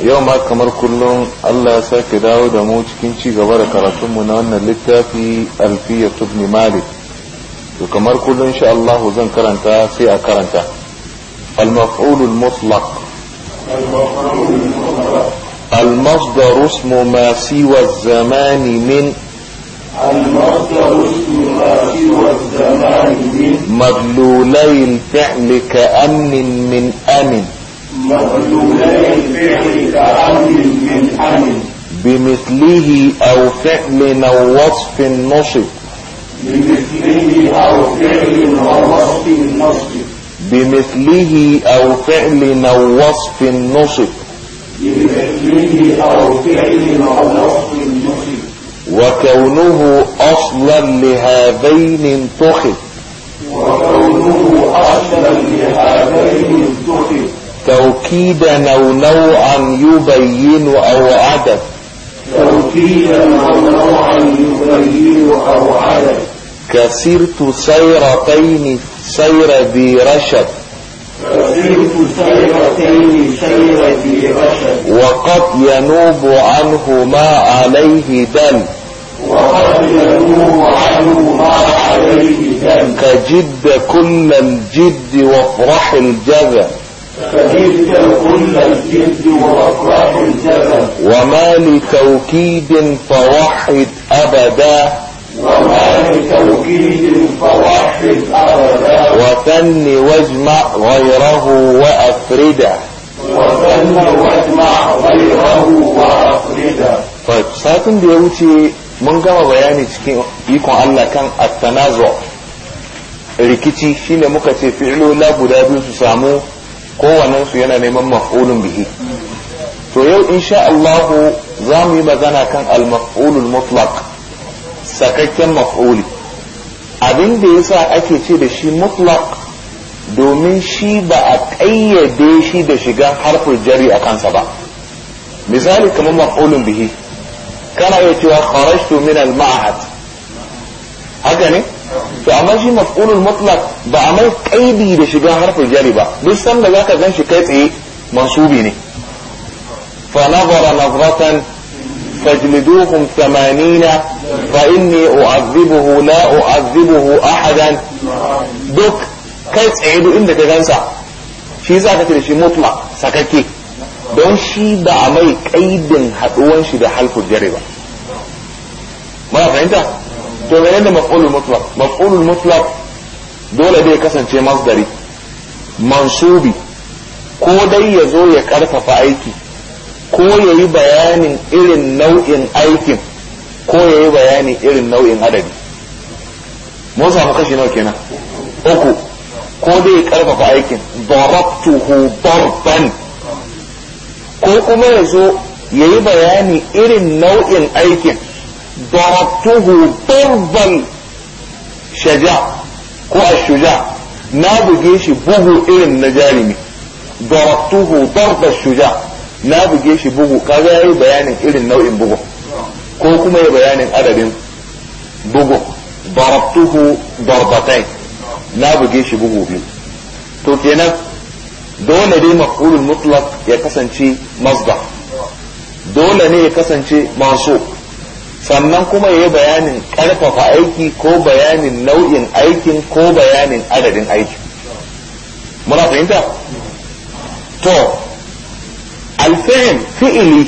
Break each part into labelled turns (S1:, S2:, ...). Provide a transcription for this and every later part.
S1: yau ma kamar kullum Allah ya sake dawo da mu cikin ci gaba da karatunmu na wannan littafi alfiya tubni malik to kamar kullum insha Allah zan karanta sai a karanta المفعول المطلق المصدر اسم ما سوى الزمان من المصدر اسم ما سوى الزمان من مدلولي الفعل كأمن من أمن بمثله أو فعل أو وصف نصب بمثله أو فعل أو وصف نصب بمثله أو فعل أو وصف نصب بمثله أو فعل أو وصف نصب وكونه أصلا لهذين انتخب وكونه أصلا لهذين توكيدا أو نوعا يبين أو عدد توكيدا أو نوعا يبين أو عدد كسرت سيرتين سير ذي رشد كسرت سيرتين سير ذي رشد وقد ينوب عنه ما عليه دم وقد ينوب عنه ما عليه دم كجد كل الجد وافرح الجذب وما لتوكيد taukidin أبدا وما لتوكيد فوحد أبدا وفن واجمع غيره وأفرده وفن واجمع غيره وأفرده طيب ساتن da ya wuce mun gama bayani cikin ikon Allah kan at rikici shine muka ce fi'lola guda biyu su samu kowanensu yana neman maf'ulun bihi to yau insha Allah za mu yi magana kan al-maf'ulul mutlaq sakakken maf'uli abin da yasa ake ce da shi mutlaq domin shi ba a ƙayyade shi da shiga harfin jari a kansa ba misali kamar maf'ulun bihi kana iya cewa kharajtu min al-ma'had haka ne to amma shi maf'ulul mutlaq ba a mai kaidi da shiga harfin jari ba duk sanda zaka gan shi kai tsaye mansubi ne fa nazara nazratan فاجلدوهم ثمانين فإني أعذبه لا أعذبه أحدا duk kai tsaye duk inda ka gansa shi za ka da shi mutla sakake don shi ba a mai kaidin haɗuwan shi da halfur jare ba muna fahimta to yadda maf'ulul mutlaq maf'ulul mutlaq dole dai kasance masdari mansubi ko dai yazo ya karfafa aiki ko ya yi bayanin irin nau'in aikin ko ya yi bayanin irin nau'in adadi mun samu kashi nawa kenan uku ko dai ya karfafa aikin darabtuhu darban ko kuma yazo zo ya yi bayani irin nau'in aikin ضربته ضربا شجاع كو الشجاع na buge shi bugu irin na jarumi darabtuhu darba shuja na buge shi bugu kaga yayi bayanin irin nau'in bugu ko kuma yayi bayanin adadin bugu darabtuhu darbatai na buge shi bugu biyu to kenan dole ne maf'ulul mutlaq ya kasance masdar dole ne ya kasance mansub sannan kuma ya yi bayanin karfafa aiki ko bayanin nau'in aikin ko bayanin adadin aiki muna fahimta to alfahim fi'ili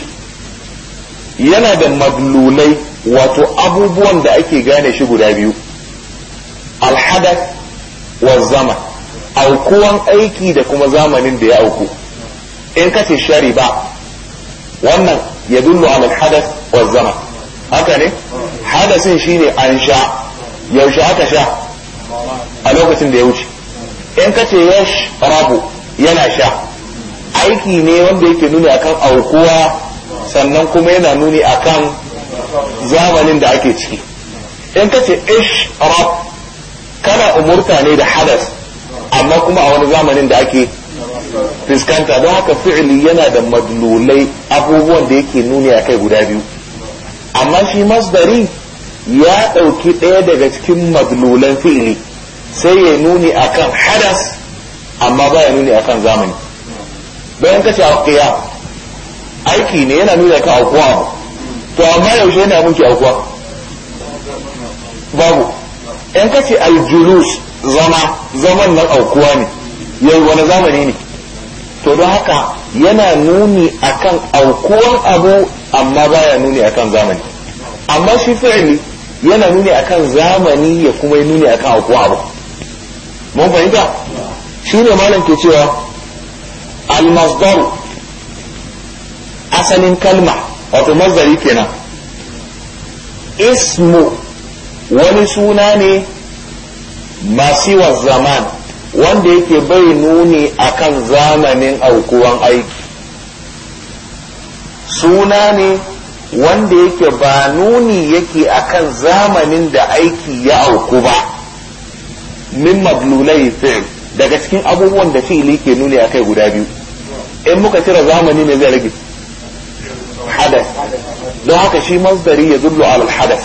S1: yana da maglulai wato abubuwan da ake gane shi guda biyu alhadar wa zama. aukuwan aiki da kuma zamanin da ya auku in kace shari ba wannan ya dullu alhadar alhadath wa haka ne hadasin shine an sha yaushe aka sha a lokacin da ya wuce in ka ce yash rabu yana sha aiki ne wanda yake nuni akan aukuwa sannan kuma yana nuni akan zamanin da ake ciki in ka ce ish rab kana umurta ne da hadas amma kuma a wani zamanin da ake fuskanta don haka fi'ili yana da madlulai abubuwan da yake nuni a kai guda biyu amma shi masdari ya ɗauki ɗaya daga cikin madlulan fi'li sai ya nuni akan hadas amma ba ya nuni akan zamani bayan kace aqiya aiki ne yana nuni akan aukuwa to amma yaushe yana munki aukuwa babu in kace aljulus zama zaman nan aukuwa ne yau wani zamani ne to don haka yana nuni akan aukuwan abu amma baya nuni akan zamani amma shi fi'ili yana nuni akan zamani ya kuma yi nuni akan aukuwa ba mun fahimta shi ne malam ke cewa al al-masdar asalin kalma wato mazdari kenan ismu wani suna ne masiwa zaman wanda yake bai nuni akan zamanin aukuwan aiki suna ne wanda yake ba nuni yake akan zamanin da aiki ya auku ba min mablulai fi'l daga cikin abubuwan da fi'ili ke nuni akai guda biyu in muka cire zamani ne zai rage hadas don haka shi masdari ya zullu alal hadas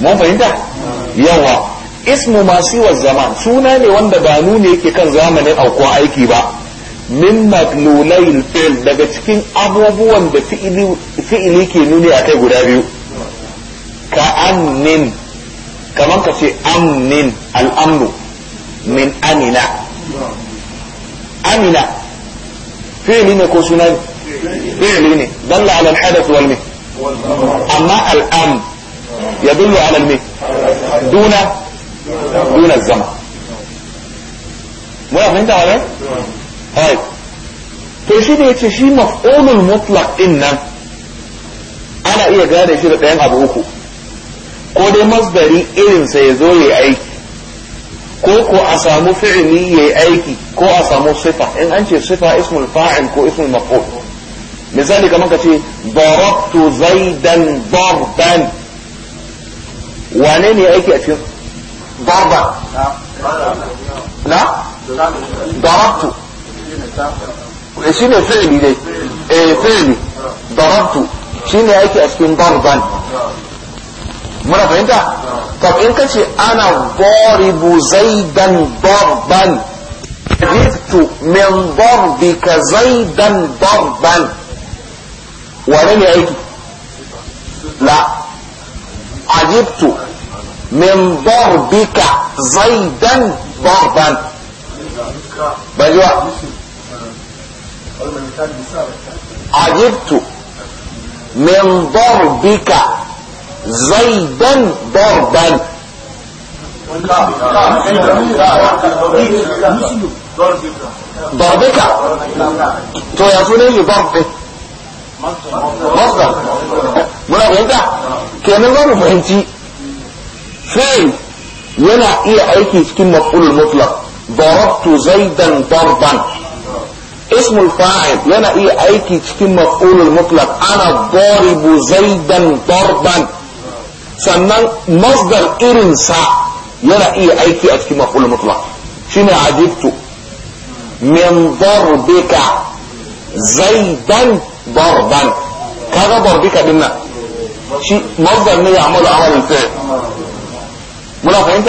S1: mun fahimta yawa ismu masu siwa zaman suna ne wanda ba nuni yake kan zamanin aukuwa aiki ba min maglulai fi'l daga cikin abubuwan da fi'ili ke nuni a kai guda biyu ka annin kamar ka ce amnin al'amru min amina amina fi'ili ne ko suna fi'ili ne dalla ala al-hadath wal mi amma al'am yadullu ala al-mi duna duna zama muna fahimta wa Hayır. to shi da yace shi maf'ulul mutlaq din nan ana iya gane shi da ɗayan abu uku ko dai masdari irin sa ya zo yayi aiki ko ko a samu fi'ili yayi aiki ko a samu sifa in an ce sifa ismul fa'il ko ismul maf'ul misali kamar ka ce darabtu zaidan darban wane ne aiki a cikin darba na darabtu Eh, shi ne fi'ili dai eh fi'ili darabtu shi ne yake a cikin darban muna fahimta tab in ce ana daribu zaidan darban جئت من ضربك زيدا ضربا ne يعيك لا عجبت من ضربك زيدا ضربا بل عجبت من ضربك زيدا ضربا ضربك تو يا سوني ضربك مصدر muna fahimta kenan za mu fahimci fi'il yana iya aiki cikin maf'ulul mutlaq darabtu zaidan darban اسم الفاعل يانا ايه ايكي تكين مفقول المطلق انا ضارب زيدا ضربا سنن مصدر ارنسا يانا ايه ايكي اتكين مفقول المطلق شين عجبتو من ضربك زيدا ضربا كذا ضربك بنا شي مصدر ني يعمل عمل الفاعل ملاحظ انت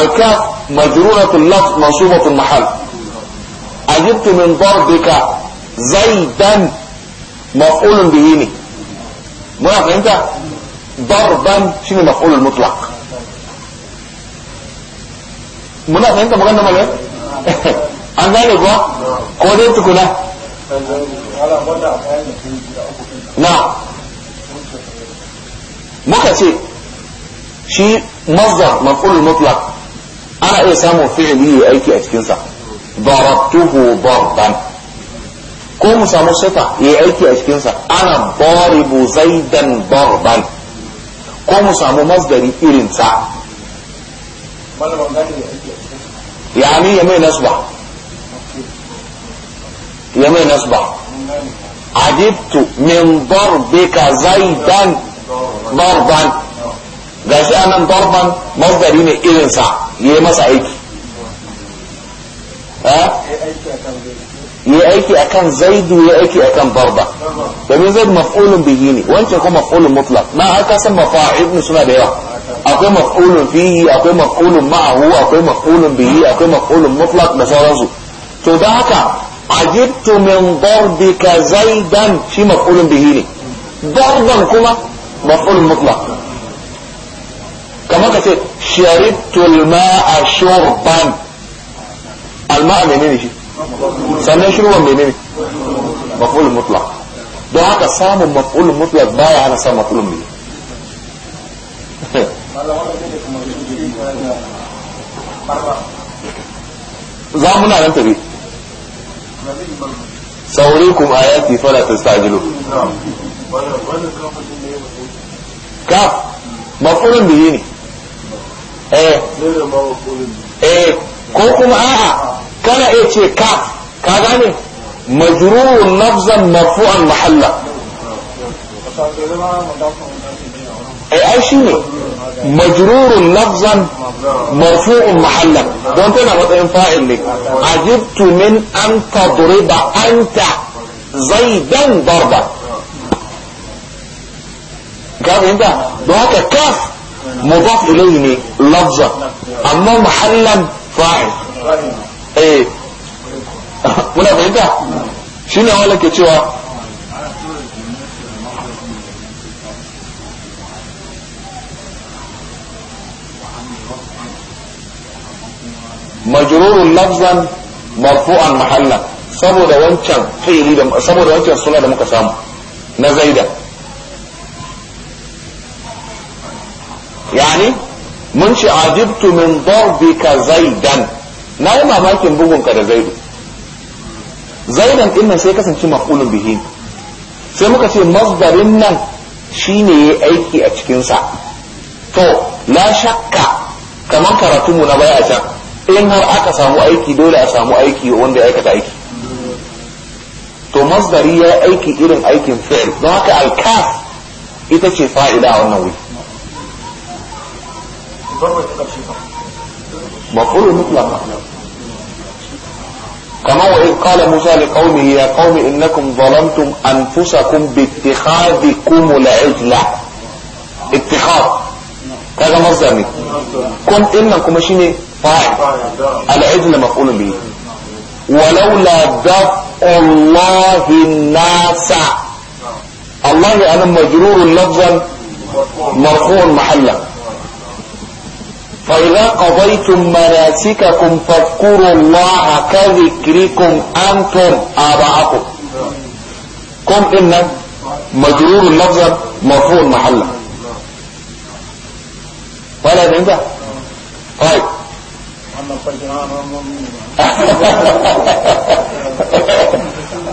S1: الكاف مجرورة اللفظ منصوبة المحل عجبت من ضربك زيدا مفعول به ايه مراد انت ضربا شنو مفعول المطلق مراد انت مغنى مال نعم. ايه انا اللي بقى
S2: قلت كده
S1: نعم muka ce shi mazda mafulu mutlak ana iya samun fi'ili yi aiki a cikinsa darabtuhu darban ko mu samu sifa yayi aiki a cikin sa ana daribu zaidan darban ko mu samu masdari irin sa ya ni ya mai nasba ya mai nasba ajibtu min darbika zaidan darban gashi anan darban masdari ne irin sa yayi masa aiki yi aiki akan zaidu ya aiki akan barda domin zaid maf'ulun bihi ne wancan kuma maf'ulun mutlaq Na har san mafa'il suna da yawa akwai maf'ulun fihi akwai maf'ulun ma'ahu akwai maf'ulun bihi akwai maf'ulun mutlaq da sauransu to da haka ajibtu min darbika zaidan shi maf'ulun bihi ne darban kuma maf'ulun mutlaq kamar ka ce sharibtu al-ma'a shurban alma'a menene shi sannan shi ruwan menene maf'ul mutlaq don haka samun maf'ul mutlaq baya hana sa maf'ul bi za mu na nan tabi saurikum ayati fala tastajilu kaf maf'ulun bihi ne eh eh ko kuma a'a kana iya ce ka ka gane majrurun lafzan marfu'an mahalla ai ai shi ne majrurun lafzan marfu'un mahalla don tana matsayin fa'il ne ajibtu min an tadriba anta zaidan darba ka fahimta don haka kaf mudaf ilayhi ne lafzan amma mahallan fa'il eh muna fahimta shi ne wani ke cewa majrurun lafzan marfu'an mahallan saboda wancan fi'ili da saboda wancan suna da muka samu na zaida yani mun ce ajibtu min darbika zaidan na yi mamakin bugunka da zaidu zaidan din nan sai kasance maƙulun bihi sai muka ce masdarin nan shine ya aiki a cikinsa to na shakka kaman karatu mu na baya can in har aka samu aiki dole a samu aiki wanda ya aikata aiki to masdari ya aiki irin aikin fi'il don haka alkaf ita ce fa'ida a wannan wuri maqulun mutlaq كما وإذ قال موسى لقومه يا قوم إنكم ظلمتم أنفسكم باتخاذكم العجلة اتخاذ هذا مصدر مين يعني. كم إنكم ماشيين إيه؟ فاعل العجل مفعول به ولولا دفع الله الناس الله أنا يعني مجرور لفظا مرفوع محلا فإذا قضيتم مناسككم فاذكروا الله كذكركم أنتم آباءكم كم إن مجرور لفظا مرفوع محلا ولا عندها طيب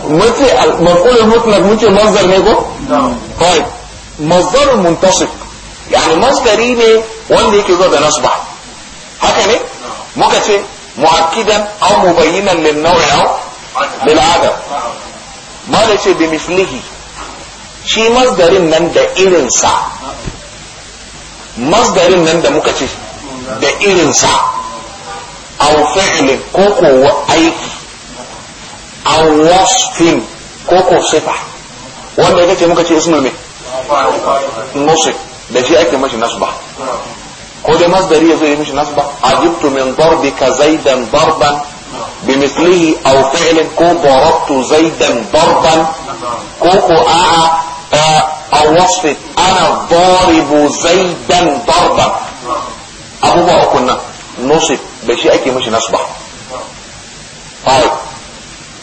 S1: متي المفعول المطلق متي مصدر نيجو نعم. طيب مصدر منتشق yani masdari ne wanda yake zuwa da nasba haka ne muka ce mu'akkidan aw mubayyinan lin naw'i aw lil adam da ce bi mislihi shi masdarin nan da irinsa masdarin nan da muka ce da irinsa aw fi'lin ko ko aiki aw wasfin ko ko sifa wanda yake muka ce ismu ne musib da shi ake mashi nasba ko dai masdari ya zo yi mashi nasba a jibtu min darbika zaidan darban bi mislihi aw fi'lin ko darabtu zaidan darban ko ko a a a ana daribu zaidan darban abubuwa uku nan nusib da shi ake mashi nasba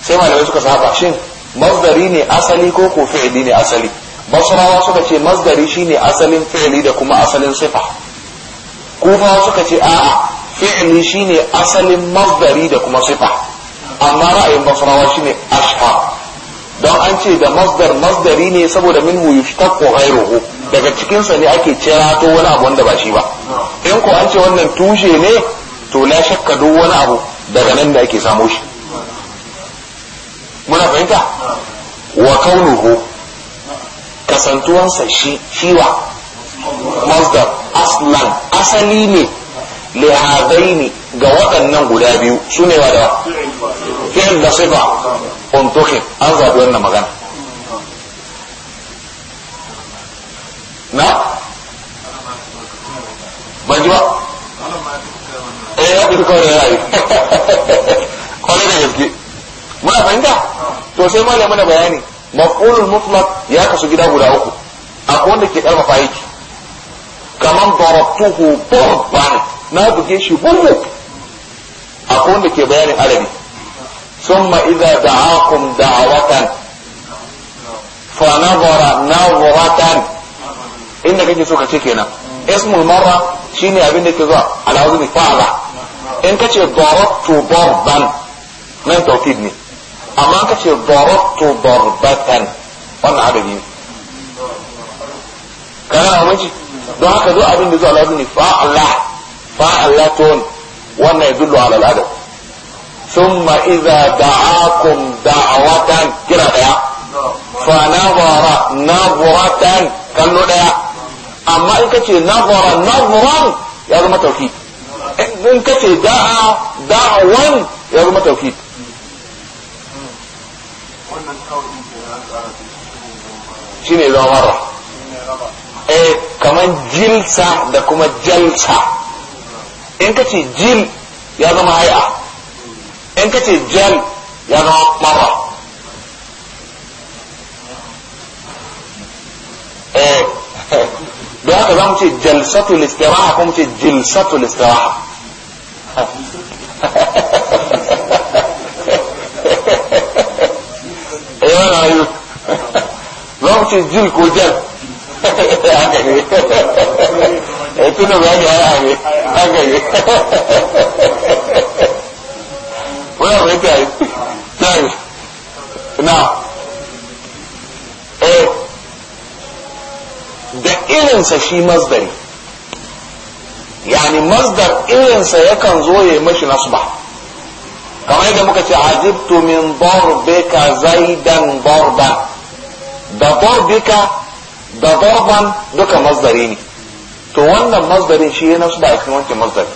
S1: sai malamai suka saba shin masdari ne asali ko ko fi'li ne asali basrawa suka ce masdari shine asalin fi'ili da kuma asalin sifa kufa suka ce a'a fi'li shine asalin masdari da kuma sifa amma ra'ayin basrawa shine ashha don an ce da masdar masdari ne saboda min minhu yushtaqu ghayruhu daga cikin sa ne ake to wani abu wanda ba shi ba in ko an ce wannan tushe ne to la shakka duk wani abu daga nan da ake samo shi muna fahimta wa kaunuhu kasantuwansa shi shiwa masdar aslan asali ne lihadaini ga waɗannan guda biyu su ne wada fiye da sifa ontoke an zaɓi wannan magana na ban ji ba eh ya fi kawai ya yi kwanar da gaske muna fahimta to sai malamin da bayani maf'ulul mutlaq ya kasu gida guda uku akwai wanda ke karfafa aiki kaman darabtuhu darban na buge shi bugu akwai wanda ke bayanin arabi ثم إذا دعاكم دعوة فنظر نظرة إنك أنت سوكا شكينا اسم المرة شيني أبين لك على وزن فعلا إن كتش ضربت ضربا من توكيدني اما كتير ضربت ضربة وانا عبدي إيه. كان انا مجي دو حكا دو ابن دو على ابني وانا يدل على الادب ثم اذا دعاكم دعوة كلا دعا فنظر نظرة كلا دعا اما ان نظر نظرا يا رمى توكيد ان كتير دعا دعوا يا رمى توكيد shine zama marra eh kamar jilsa da kuma jalsa in ka ce jil ya zama haya in ka ce jal ya zama marra eh da haka za mu ce jalsatu istiraha ko mu ce jilsatul istiraha قص الزلك والجلد يعني قلت له بقى يعني حاجه ولا بقيت يعني نعم ايه ده irinsa shi masdari yani masdar irinsa yakan zo ya mashi nasba kamar yadda muka ce ajibtu min darbika zaidan darba da barbika da barban duka masdari ne to wannan masdarin shi yana su da ake wanke masdari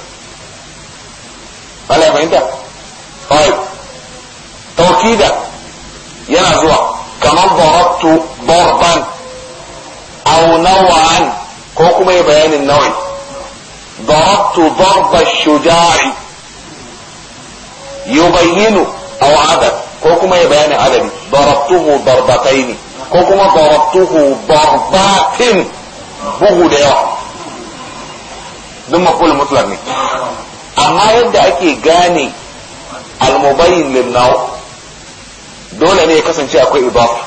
S1: ala fahimta ai taukida yana zuwa kamar barabtu barban au nawan ko kuma ya bayanin nawai barabtu barba shuja'i yubayyinu au adad ko kuma ya bayanin adadi barabtuhu barbataini ko kuma darabtuhu barbatin bugu da yawa duk maful mutuwa ne amma yadda ake gane almubayyin limnau dole ne ya kasance akwai ibafa.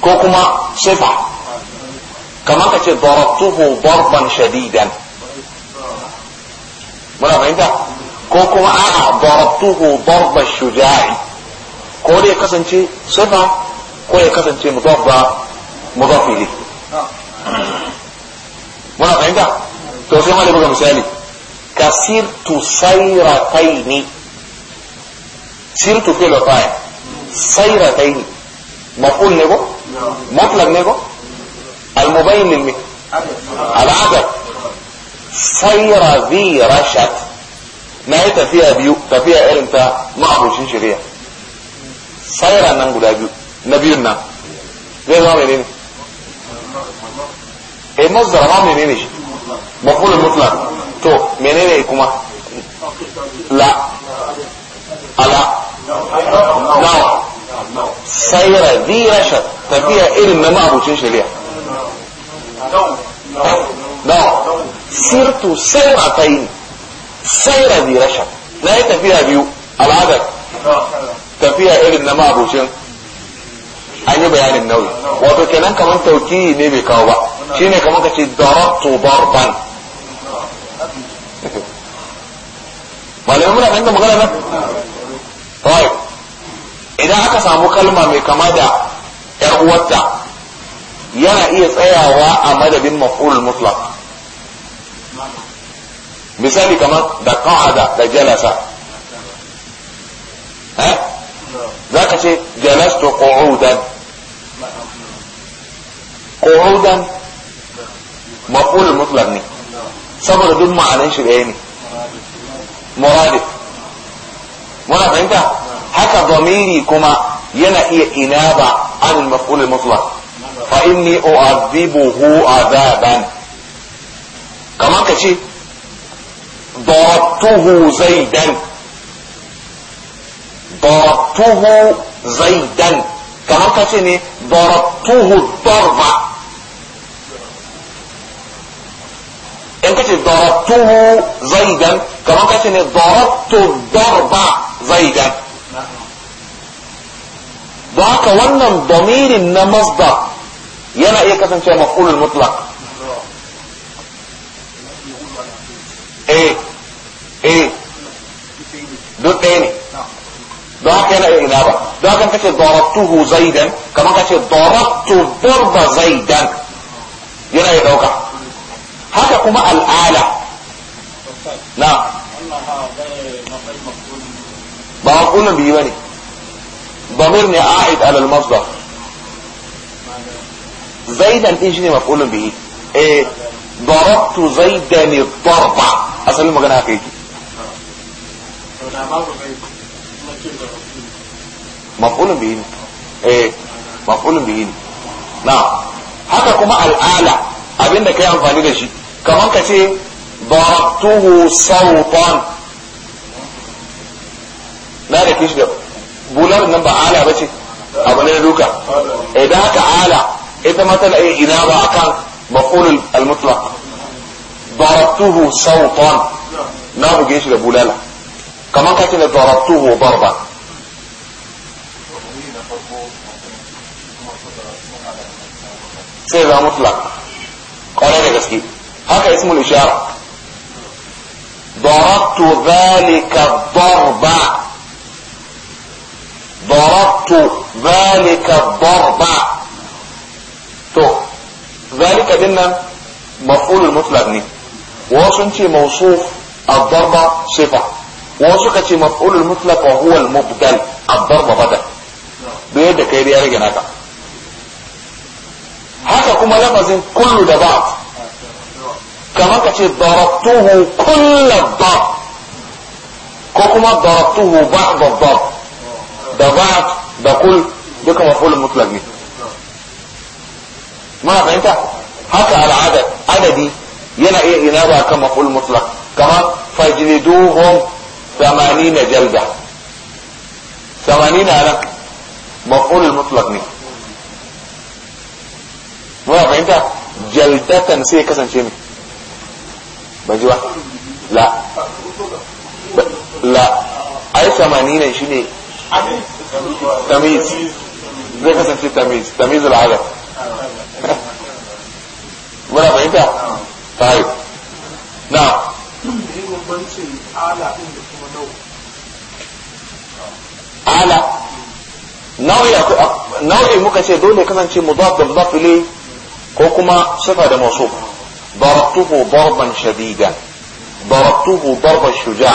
S1: ko kuma sifa kamar ka ce darabtuhu Barban shadidan muna fahimta ko kuma a'a darabtuhu Barban shuja'i ko dai kasance sifa ko ya kasance mudabba mudafi ne muna fahimta to sai malai buga misali ka sirtu sairataini sirtu filo faya sairataini maful ne ko mutlaq ne ko المبين للمه العدد سير ذي رشد na yi tafiya biyu tafiya irin ta ma'abucin shirya tsaira nan guda biyu na biyun nan zai zama menene E, mazdar ma menene shi mafulul mutlaq to menene kuma la ala nawa tsaira bi rashad tafiya irin na ma'abucin shari'a na. sirtu sai ma ta yi tsaira bi rashad na yi tafiya biyu al'adar tafiya irin na ma'abucin an yi bayanin nauyi wato kenan kamar tauki ne bai kawo ba shi ne kamar ka ce darabtu darban malamai muna ganin magana nan tawai idan aka samu kalma mai kama da yar uwarta yana iya tsayawa a madadin maf'ul mutlaq misali kamar da qa'ada da jalasa eh ذاك شيء جلست قعودا قعودا مقول المطلق ني صبر دم عليه شيء ايه مرادف وانا فهمت حكى ضميري كما ينا هي إيه إنابة عن المفعول المطلق فإني أعذبه عذابا كما كشي ضربته زيدا ضربتuhu zaidan kamar ka ce ne ضربتuhu ضربa in ka ce ضربتuhu zaidan kamar ka ce ne ضربتu ضربa zaidan don haka wannan domirin na mazda yana iya kasance maf'ulul دعا كان إنابة دعا كان كتير ضربته زيدا كمان كتير ضربت ضرب زيدا ينا يدعوك هكا كما الآلة نعم ما أقول بيواني ضميرني أعيد على المصدر زيدا إجني مفعول به إيه ضربت زيدا الضربة أسلم مجانا هكيكي maf'ulun bihi eh maf'ulun bihi na haka kuma al'ala abinda yi amfani da shi kamar ka ce darabtuhu sautan na da kishi da bular nan ba ala ba ce abu ne duka idan haka ala ita ma tana iya ina ba kan maf'ulul al-mutlaq darabtuhu sautan na buge shi da bulala kamar ka ce sai ya zama mutlaq kwarai da gaske haka ismul ishara ضربت ذلك الضرب ضربت ذلك الضرب تو ذلك دينا مفعول المطلق ني وصنتي موصوف الضربة صفة وصنتي مفعول المطلق وهو المبدل الضربة بدل بيدك يدي أرجع ناكا haka kuma lafazin kullu da ba kamar ka ce darabtuhu kullu ba ko kuma darabtuhu ba'd ad-dab da ba'd da kull duka maf'ul mutlaq ne ma fahimta haka al'adad adadi yana iya ina ba kan maf'ul mutlaq kamar fajliduhum 80 jalda 80 ana maf'ul mutlaq ne muna fahimta jaldatan sai kasance mai ban ji ba la la ai samaninan shi ne tamiz zai kasance tamiz tamiz al'adar muna fahimta tayi na ala nau'i muka ce dole kasance mu da zafi ne ko kuma sifa da mausuf darabtuhu darban shadida darabtuhu darban shuja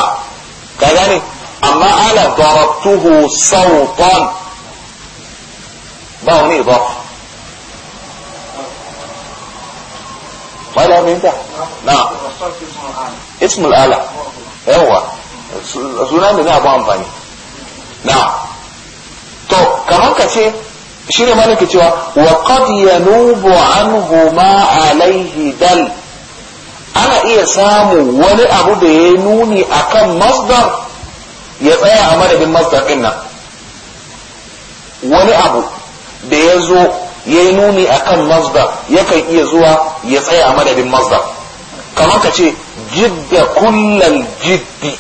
S1: ka gane amma ala darabtuhu sautan ba wani idafa ما انت نعم اسم الآلة هو سنان ده ابو amfani. نعم to kamar ka ce shi ne malaka cewa wa qad yanubu anhu ma alaihi dal ana iya samu wani abu da ya nuni akan masdar ya tsaya a madadin masdar din nan wani abu da ya zo ya nuni akan masdar yakan iya zuwa ya tsaya a madadin masdar kamar ka ce jidda kullal jiddi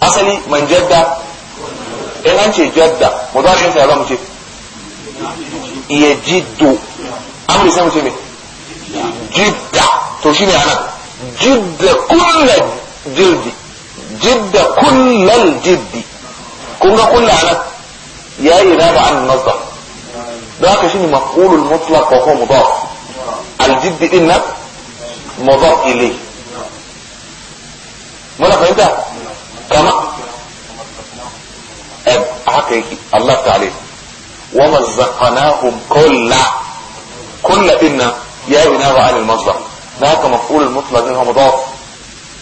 S1: asali man jadda in an ce jadda mudafin sa za mu ce يجد أمر في مين جد توشيني أنا جد كل جلد جد كل الجد كنا كل أنا يا إناب عن المصدر ده كشيني مقول المطلق وهو مضاف الجد ان مضاف إليه ماذا فهمت؟ كما اب yake الله تعالى ومزقناهم كل كل إن يا نابع عن المصدر هناك مفعول المطلق منها مضاف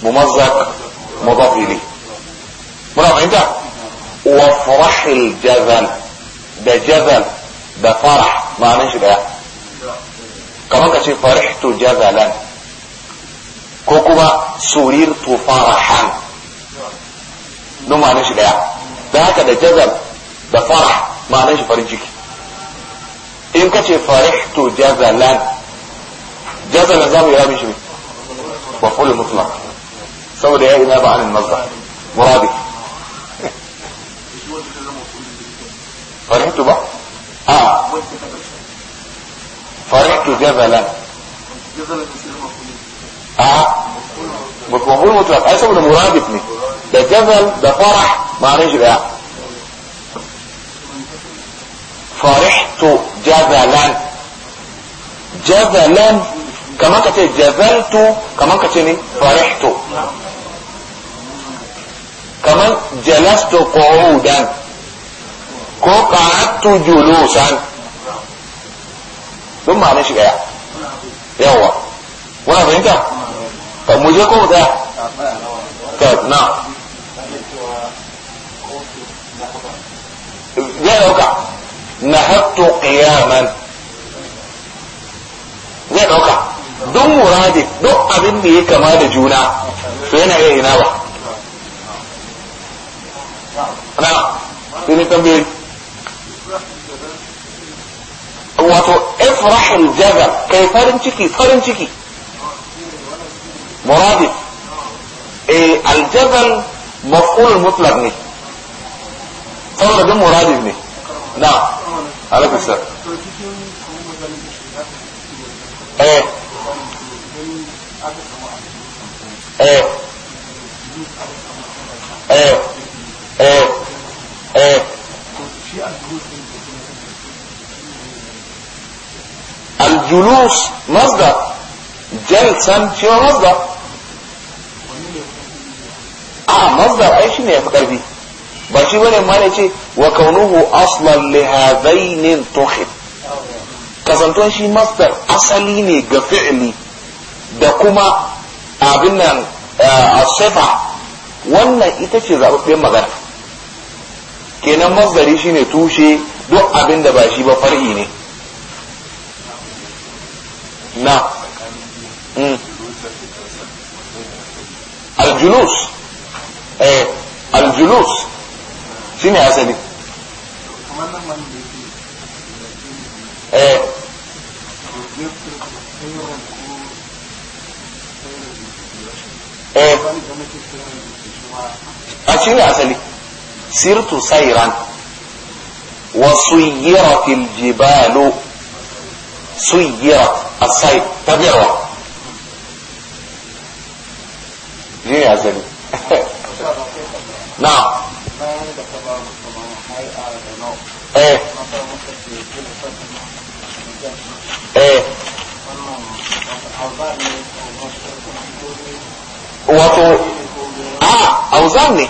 S1: ممزق مضاف إليه مرام عندها وافرح الجبل ده جبل ده فرح ما معناش ده كمان كشي فرحت جبلا كوكما سررت فرحا ده معناش ده ده هكذا جبل ده فرح ma'anar shi farin ciki in ka ce farihtu jazalan jazalan za mu yi mishi wa fulu mutlaq saboda ya ina ba anil mazda muradi farihtu ba a farihtu jazalan a mafhumul mutlaq ai saboda muradi ne da jazal da farah ma'anar shi daya farihtu jazalan jazalan kamar ka nahattu qiyaman zai ɗauka. don muradi duk abin da ya kama da juna to yana iya ina ba na sai ne tambaye wato ifrahul jaza kai farin ciki farin ciki muradi eh aljazal maf'ul mutlaq ne saboda bin muradi ne na alaikum salam eh eh eh eh eh الجلوس مصدر جلسا شو مصدر اه مصدر اي شيء يا فكر بيه ba shi bane ma ne ce wa kaunuhu aslan li hadain tuhib kasantuwan shi masdar asali ne ga fi'li da kuma abin nan eh, sifa wannan ita ce zababbiyar magana kenan masdari shine tushe duk abin da ba shi ba far'i ne na hmm. aljulus eh aljulus shi asali eh. Eh. a shi ne sirtu sairan wasu yira filjibalo su yira a sai tabiyarwa shi asali na'am Eh. eh wato a auzan ne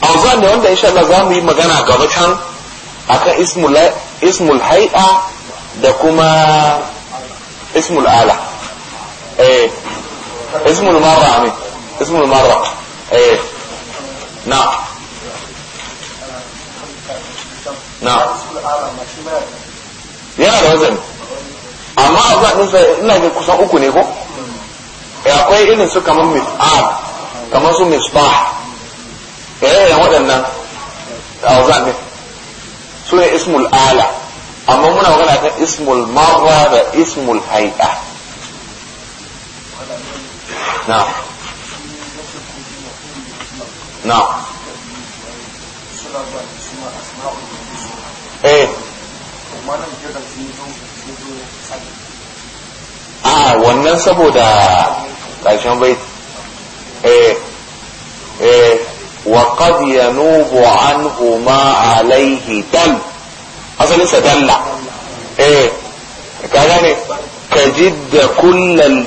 S1: auzan ne wanda insha Allah za mu yi magana gaba can akan ismul haida da kuma ismul ala eh ismul marra ismul marra eh yana da wazani amma a zaɗinsa ina ga kusan uku ne ko e, akwai irin su kamar mif'al kamar su misbah yayin e, waɗannan awzan ne su ne ismul ala amma muna magana kan ismul marra da ismul haida na na eh a wannan saboda ƙarshen bai eh eh wa qad yanubu anhu ma alaihi dal asalin sa dalla eh ka gane ka jidda kullal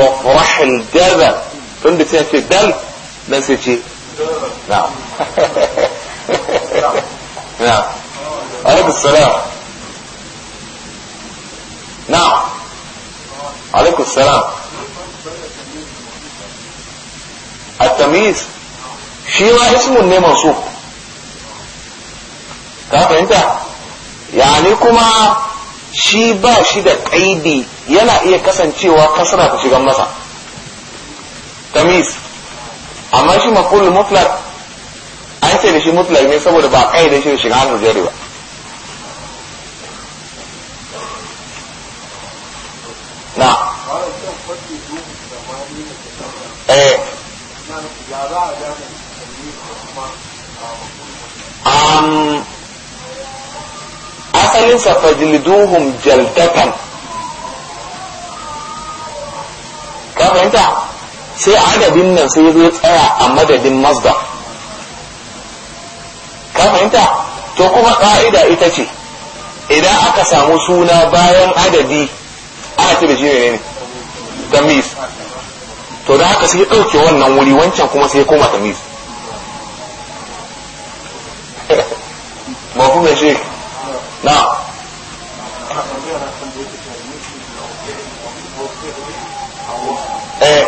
S1: wa farah al jabal tunda sai ce dal dan sai ce alaikum na'am alaikum salam at-tamyiz shi ma ismun ne mansub ka fahimta yani kuma shi ba shi da kaidi yana iya kasancewa kasra ta shigan masa tamis amma shi maful mutlaq an ce da shi mutlaq ne saboda ba kai da shi da shiga hannun jari ba eh um, asalinsa fajliduhum jaltatan ka fahimta sai adadin nan sai zai tsaya a madadin mazda ka fahimta to kuma ƙa'ida ita ce idan aka samu suna bayan adadi ana ce da shi ne ne tamis to da haka sai ya ɗauke wannan wuri wancan kuma sai ya koma tamiz mafi mai shi na eh.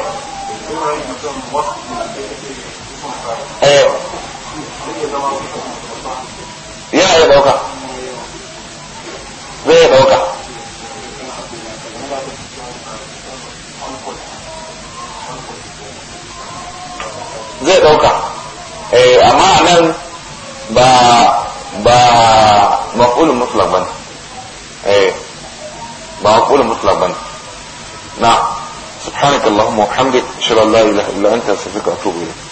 S1: Eh. ya ya dauka zai ya dauka zai ɗauka eh, amma a nan ba ba maƙulun mutlaq eh, ba ba maƙulun mutlaq ba na subhanakallahumma wa hamdik shalla la ilaha illa anta astaghfiruka wa atubu ilayk